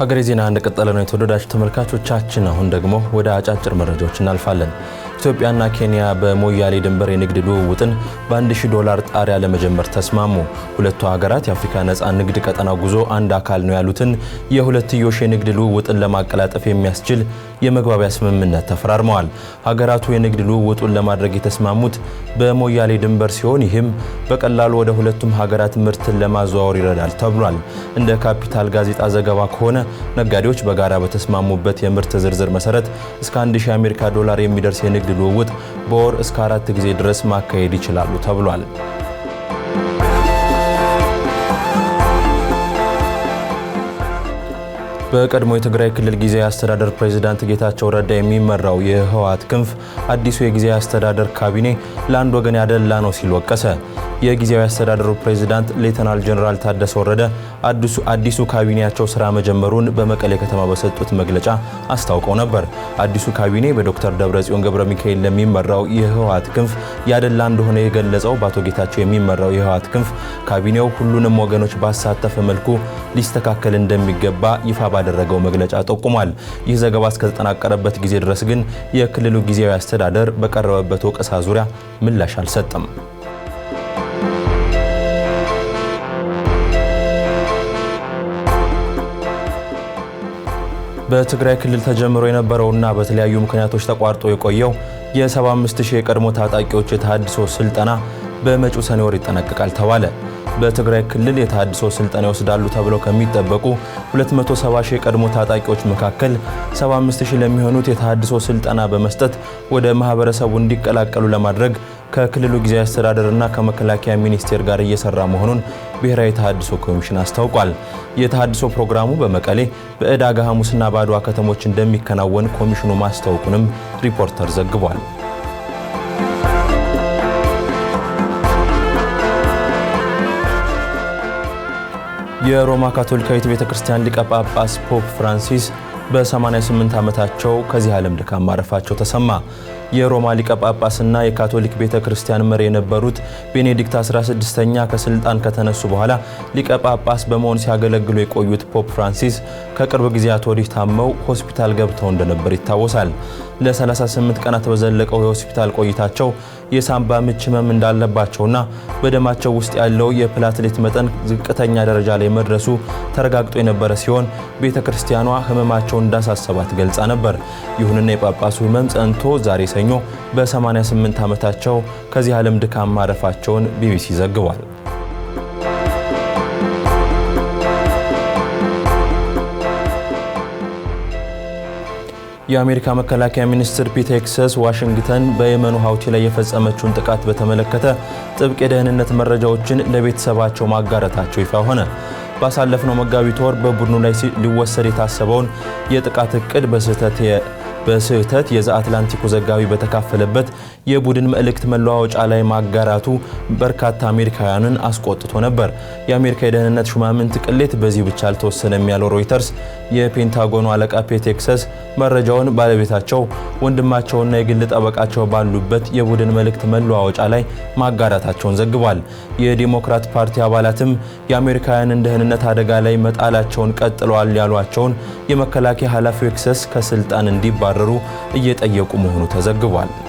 ሀገሬ ዜና እንደቀጠለ ነው። የተወደዳችሁ ተመልካቾቻችን፣ አሁን ደግሞ ወደ አጫጭር መረጃዎች እናልፋለን። ኢትዮጵያና ኬንያ በሞያሌ ድንበር የንግድ ልውውጥን በ1000 ዶላር ጣሪያ ለመጀመር ተስማሙ። ሁለቱ ሀገራት የአፍሪካ ነፃ ንግድ ቀጠና ጉዞ አንድ አካል ነው ያሉትን የሁለትዮሽ የንግድ ልውውጥን ለማቀላጠፍ የሚያስችል የመግባቢያ ስምምነት ተፈራርመዋል። ሀገራቱ የንግድ ልውውጡን ለማድረግ የተስማሙት በሞያሌ ድንበር ሲሆን ይህም በቀላሉ ወደ ሁለቱም ሀገራት ምርትን ለማዘዋወር ይረዳል ተብሏል። እንደ ካፒታል ጋዜጣ ዘገባ ከሆነ ነጋዴዎች በጋራ በተስማሙበት የምርት ዝርዝር መሰረት እስከ 1000 የአሜሪካ ዶላር የሚደርስ የንግድ ንግድ ልውውጥ በወር እስከ አራት ጊዜ ድረስ ማካሄድ ይችላሉ ተብሏል። በቀድሞ የትግራይ ክልል ጊዜያዊ አስተዳደር ፕሬዚዳንት ጌታቸው ረዳ የሚመራው የህወሓት ክንፍ አዲሱ የጊዜያዊ አስተዳደር ካቢኔ ለአንድ ወገን ያደላ ነው ሲል ወቀሰ። የጊዜያዊ አስተዳደሩ ፕሬዚዳንት ሌተናል ጀኔራል ታደሰ ወረደ አዲሱ ካቢኔያቸው ስራ መጀመሩን በመቀሌ ከተማ በሰጡት መግለጫ አስታውቀው ነበር። አዲሱ ካቢኔ በዶክተር ደብረጽዮን ገብረ ሚካኤል ለሚመራው የህወሓት ክንፍ ያደላ እንደሆነ የገለጸው በአቶ ጌታቸው የሚመራው የህወሓት ክንፍ ካቢኔው ሁሉንም ወገኖች ባሳተፈ መልኩ ሊስተካከል እንደሚገባ ይፋ ያደረገው መግለጫ ጠቁሟል። ይህ ዘገባ እስከተጠናቀረበት ጊዜ ድረስ ግን የክልሉ ጊዜያዊ አስተዳደር በቀረበበት ወቀሳ ዙሪያ ምላሽ አልሰጠም። በትግራይ ክልል ተጀምሮ የነበረውና በተለያዩ ምክንያቶች ተቋርጦ የቆየው የ75000 የቀድሞ ታጣቂዎች የተሃድሶ ስልጠና በመጪው ሰኔ ወር ይጠናቀቃል ተባለ። በትግራይ ክልል የተሃድሶ ስልጠና ይወስዳሉ ተብለው ከሚጠበቁ 270 ሺህ የቀድሞ ታጣቂዎች መካከል 75 ሺህ ለሚሆኑት የተሃድሶ ስልጠና በመስጠት ወደ ማህበረሰቡ እንዲቀላቀሉ ለማድረግ ከክልሉ ጊዜያዊ አስተዳደርና ከመከላከያ ሚኒስቴር ጋር እየሰራ መሆኑን ብሔራዊ የተሃድሶ ኮሚሽን አስታውቋል። የተሃድሶ ፕሮግራሙ በመቀሌ በዕዳጋ ሐሙስና በአድዋ ከተሞች እንደሚከናወን ኮሚሽኑ ማስታወቁንም ሪፖርተር ዘግቧል። የሮማ ካቶሊካዊት ቤተ ክርስቲያን ሊቀ ጳጳስ ፖፕ ፍራንሲስ በ88 ዓመታቸው ከዚህ ዓለም ድካም ማረፋቸው ተሰማ። የሮማ ሊቀ ጳጳስና የካቶሊክ ቤተ ክርስቲያን መሪ የነበሩት ቤኔዲክት 16ኛ ከስልጣን ከተነሱ በኋላ ሊቀ ጳጳስ በመሆን ሲያገለግሉ የቆዩት ፖፕ ፍራንሲስ ከቅርብ ጊዜያት ወዲህ ታመው ሆስፒታል ገብተው እንደነበር ይታወሳል። ለ38 ቀናት በዘለቀው የሆስፒታል ቆይታቸው የሳምባ ምች ህመም እንዳለባቸውና በደማቸው ውስጥ ያለው የፕላትሌት መጠን ዝቅተኛ ደረጃ ላይ መድረሱ ተረጋግጦ የነበረ ሲሆን ቤተ ክርስቲያኗ ህመማቸውን እንዳሳሰባት ገልጻ ነበር። ይሁንና የጳጳሱ ህመም ጸንቶ ዛሬ ሰኞ በ88 ዓመታቸው ከዚህ ዓለም ድካም ማረፋቸውን ቢቢሲ ዘግቧል። የአሜሪካ መከላከያ ሚኒስትር ፒት ሄግሴስ ዋሽንግተን በየመኑ ሀውቲ ላይ የፈጸመችውን ጥቃት በተመለከተ ጥብቅ የደህንነት መረጃዎችን ለቤተሰባቸው ማጋረታቸው ይፋ ሆነ። ባሳለፍነው መጋቢት ወር በቡድኑ ላይ ሊወሰድ የታሰበውን የጥቃት እቅድ በስህተት በስህተት የዘ አትላንቲኩ ዘጋቢ በተካፈለበት የቡድን መልእክት መለዋወጫ ላይ ማጋራቱ በርካታ አሜሪካውያንን አስቆጥቶ ነበር። የአሜሪካ የደህንነት ሹማምንት ቅሌት በዚህ ብቻ አልተወሰነም ያለው ሮይተርስ የፔንታጎኑ አለቃ ፔት መረጃውን ባለቤታቸው፣ ወንድማቸውና የግል ጠበቃቸው ባሉበት የቡድን መልእክት መለዋወጫ ላይ ማጋራታቸውን ዘግቧል። የዲሞክራት ፓርቲ አባላትም የአሜሪካውያንን ደህንነት አደጋ ላይ መጣላቸውን ቀጥለዋል ያሏቸውን የመከላከያ ኃላፊው ኤክሰስ ከስልጣን እንዲባረሩ እየጠየቁ መሆኑ ተዘግቧል።